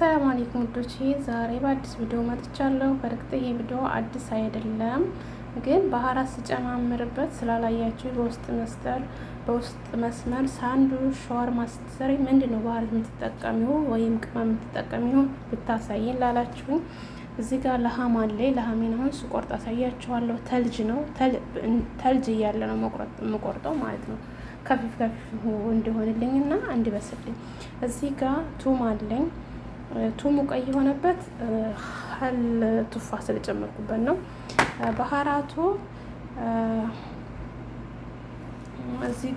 ሰላም አለይኩም ውዶች፣ ዛሬ በአዲስ ቪዲዮ መጥቻለሁ። በእርግጥ ይህ ቪዲዮ አዲስ አይደለም፣ ግን ባህራት ስጨማምርበት ስላላያችሁ በውስጥ መስመር በውስጥ መስመር ሳንዱ ሸዋር ማስተሰሪ ምንድን ነው ባህራት የምትጠቀሚው ወይም ቅመም የምትጠቀሚው ብታሳይን ላላችሁ እዚህ ጋር ለሀም አለ። ለሀሜን አሁን ስቆርጥ አሳያችኋለሁ። ተልጅ ነው፣ ተልጅ እያለ ነው የምቆርጠው ማለት ነው ከፊፍ ከፊፍ እንዲሆንልኝና እንዲበስልኝ። እዚህ ጋር ቱም አለኝ ቱሙ ቀይ የሆነበት ሀል ቱፋ ስለጨመርኩበት ነው። ባህራቱ እዚህ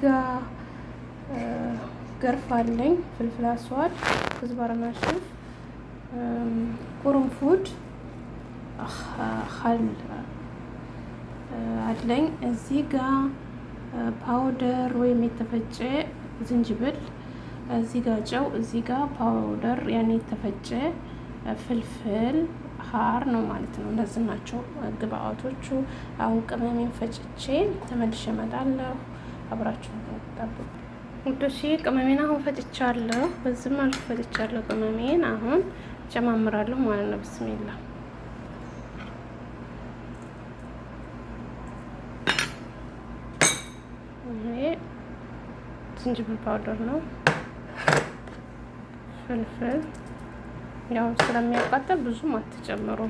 ገርፍ አለኝ፣ ፍልፍል አስዋድ፣ ኩዝበርና ቁርንፉድ ሀል አለኝ። እዚህ ጋ ፓውደር ወይም የተፈጨ ዝንጅብል እዚህ ጋር ጨው፣ እዚህ ጋር ፓውደር ያኔ የተፈጨ ፍልፍል ሀር ነው ማለት ነው። እነዚህ ናቸው ግብአቶቹ። አሁን ቅመሜን ፈጭቼ ተመልሼ እመጣለሁ። አብራችሁ ጠብቁ ውዶቼ። ቅመሜን አሁን ፈጭቻለሁ። በዚህ መልኩ ፈጭቻለሁ። ቅመሜን አሁን ጨማምራለሁ ማለት ነው። ብስሚላ ዝንጅብል ፓውደር ነው። فلفل ياو سلميقاتل بزو ما تجمرو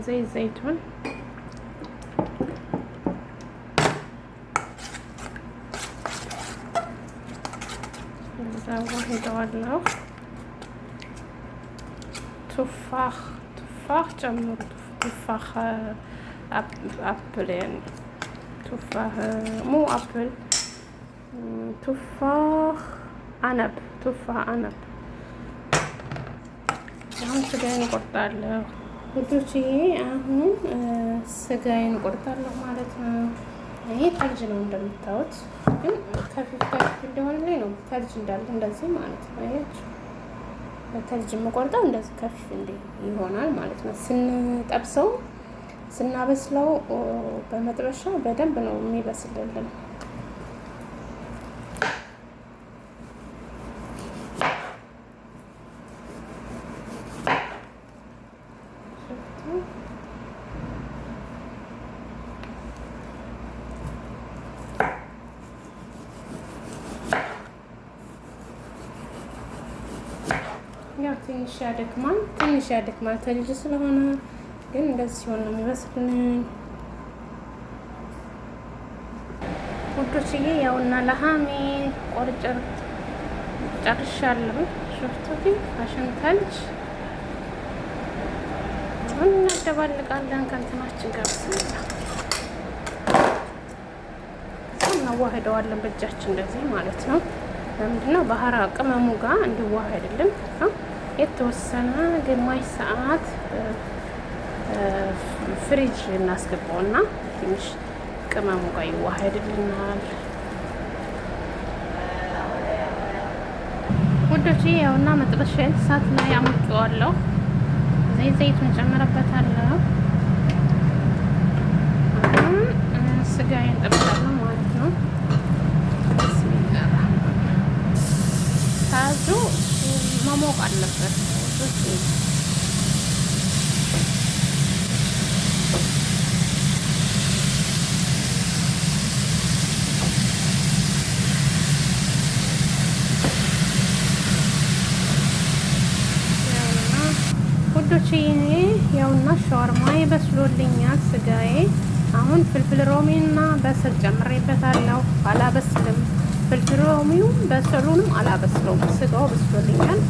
زي الزيتون هذا واحد الله تفاخ تفاح تجمرو تفاح أبلين تفاح مو أبل تفاخ አነብ ቱፋ አነብ። አሁን ስጋዬን እቆርጣለሁ ውዶችዬ፣ አሁን ስጋዬን እቆርጣለሁ ማለት ነው። ይህ ተልጅ ነው እንደምታዩት፣ ግን ከፊት ከፊት እንደሆነ ላይ ነው ተልጅ እንዳለ እንደዚህ ማለት ነው። ያች በተልጅ የምቆርጠው እንደዚህ ከፊት እንደ ይሆናል ማለት ነው። ስንጠብሰው ስናበስለው በመጥበሻ በደንብ ነው የሚበስልልን። ትንሽ ያደክማል፣ ትንሽ ያደክማል ተልጅ ስለሆነ ግን እንደዚህ ሲሆን ነው የሚመስልኝ ውዶችዬ። ያውና ለሀሜ ቆርጬ ጨርሻለሁ። ሽፍቶቲ ፋሽን ተልጅ እናደባልቃለን ከንትናችን ጋር ስላ እናዋህደዋለን በእጃችን እንደዚህ ማለት ነው። ለምንድነው ባህራ ቅመሙ ጋር እንዲዋህድልን የተወሰነ ግማሽ ሰዓት ፍሪጅ እናስገባውና ትንሽ ቅመሙ ጋር ይዋሃድልናል። ወዶች ያውና መጥበሻ እሳት ላይ አሞቄዋለሁ። ዘይት ዘይቱን ጨምረበታለሁ። አለበት ውዶች ያውና ሻወርማ ይበስሎልኛል ስጋዬ። አሁን ፍልፍል ሮሚና በስል ጨምሬበታለሁ። አላበስልም። ፍልፍል ሮሚውም በስሉንም አላበስለውም። ስጋው በስሎልኛል።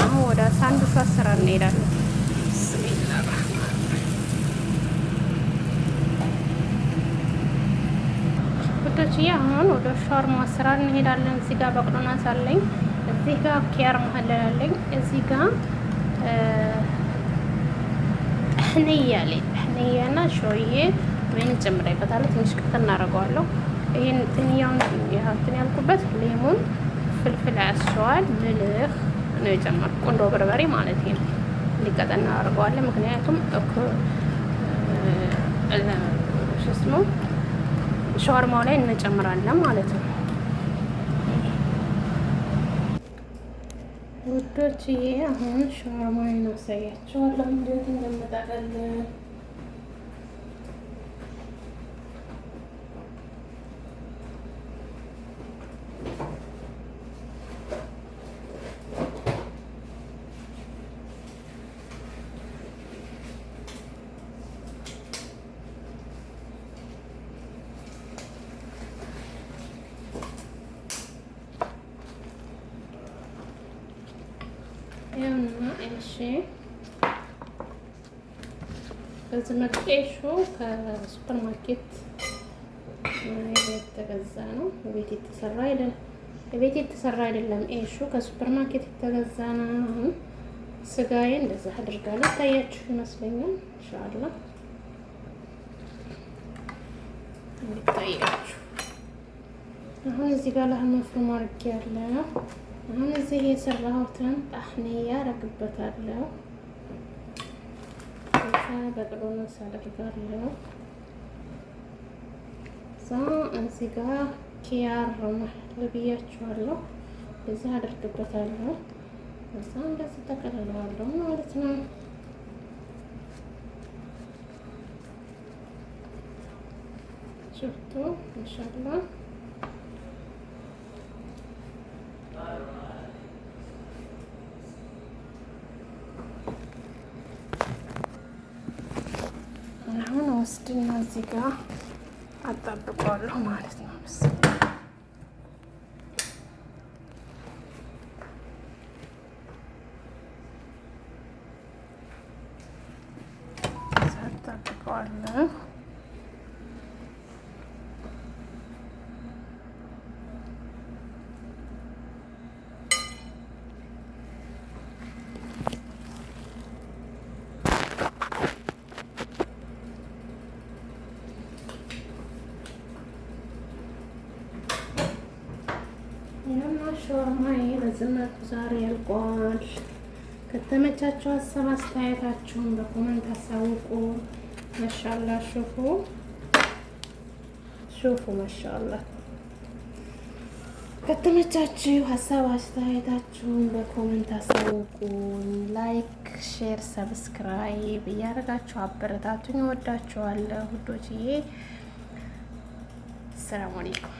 አቋሙ ወደ ሳንዱቹ አሰራር እንሄዳለን። ሴቶች አሁን ወደ ሻርማ አሰራር እንሄዳለን። እዚህ ጋር በቅሎና ሳለኝ እዚህ ጋር ኪያር መሀለል አለኝ። እዚህ ጋር ጠህንያ ላይ ጠህንያና ሾዬ ወይን ጨምሬበታለሁ። ትንሽ ቅጥ እናደርገዋለሁ። ይህን ጥንያውን ያልኩበት ሌሙን፣ ፍልፍል አስዋል፣ ምልህ ነው የጨመርኩት። ቁንዶ በርበሬ ማለት ነው። እንዲቀጠና እናደርገዋለን። ምክንያቱም ሽስሙ ሸዋርማው ላይ እንጨምራለን ማለት ነው። ውዶች ይሄ አሁን ሸዋርማዊ ነው። አሳያቸዋለሁ እንዴት እንደምጠቀል ይሄውና እሺ፣ በዚህ መልኩ ከሱፐር ማርኬት የተገዛ ነው። ቤት የተሰራ አይደለም። ቤት የተሰራ አይደለም። ሾ ከሱፐር ማርኬት የተገዛ ነው። ስጋዬ እንደዚህ አድርጋለሁ። ታያችሁ ይመስለኛል። ኢንሻአላህ ይታያችሁ። አሁን እዚህ ጋር ለህመፍሩ ማርጌ ያለ ነው አሁን እዚህ የሰራሁትን ጣህኔ ያረግበታለሁ። እዛ በቅሎን ሳደርጋለሁ። እዛ እዚህ ጋር ኪያር ልብያችኋለሁ። እዛ አደርግበታለሁ። እዛ እንደዚህ ተቀልለዋለሁ ማለት ነው። ሽፍቶ እንሻላ ወስድና እዚህ ጋ አጣብቀዋለሁ ማለት ነው። አጣብቀዋለሁ እና ሾርማዬ በዚህ መልኩ ዛሬ ያልቋል። ከተመቻችሁ ሀሳብ አስተያየታችሁን በኮመንት አሳውቁ። መሻላ ሹፉ ሹፉ መሻላ ከተመቻችሁ ሀሳብ አስተያየታችሁን በኮመንት አሳውቁ። ላይክ፣ ሼር፣ ሰብስክራይብ እያደረጋችሁ አበረታቱኝ። እወዳችኋለሁ ውዶችዬ። ሰላም አለይኩም።